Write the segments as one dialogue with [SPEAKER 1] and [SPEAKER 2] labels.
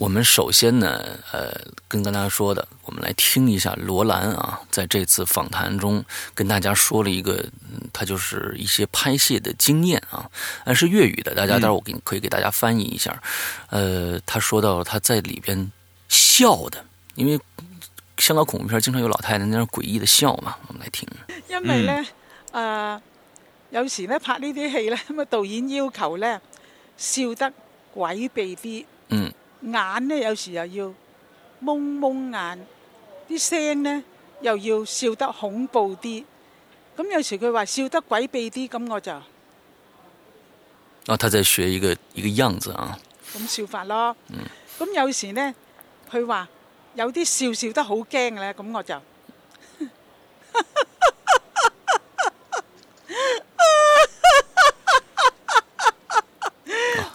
[SPEAKER 1] 我們首先呢，呃，跟大家說的，我們來聽一下羅蘭啊，在這次訪談中跟大家說了一個，他、嗯、就是一些拍戲的經驗啊，但、呃、是粵語的，大家待會兒我給你可以給大家翻譯一下。呃，他說到他在裏邊笑的，因為香港恐怖片經常有老太太那樣詭異的笑嘛，我們來聽。
[SPEAKER 2] 因為呢，嗯、呃，有時呢拍呢啲戲呢，咁啊導演要求呢，笑得詭秘啲，嗯。眼咧有時又要蒙蒙眼，啲聲咧又要笑得恐怖啲。咁有時佢話笑得詭秘啲，咁我就。
[SPEAKER 1] 啊，佢在學一個一個樣子啊。
[SPEAKER 2] 咁笑法咯。嗯。咁有時呢，佢話有啲笑笑得好驚咧，咁我就。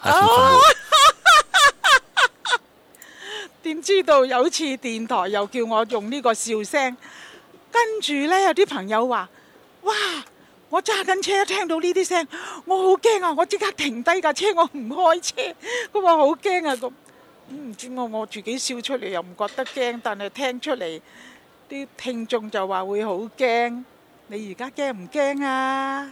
[SPEAKER 2] 啊知道有一次電台又叫我用呢個笑聲，跟住呢，有啲朋友話：「哇！我揸緊車聽到呢啲聲，我好驚啊！我即刻停低架車，我唔開車。」佢話好驚啊咁。唔知我，嗯，啊，我自己笑出嚟又唔覺得驚，但係聽出嚟啲聽眾就話會好驚。你而家驚唔驚啊？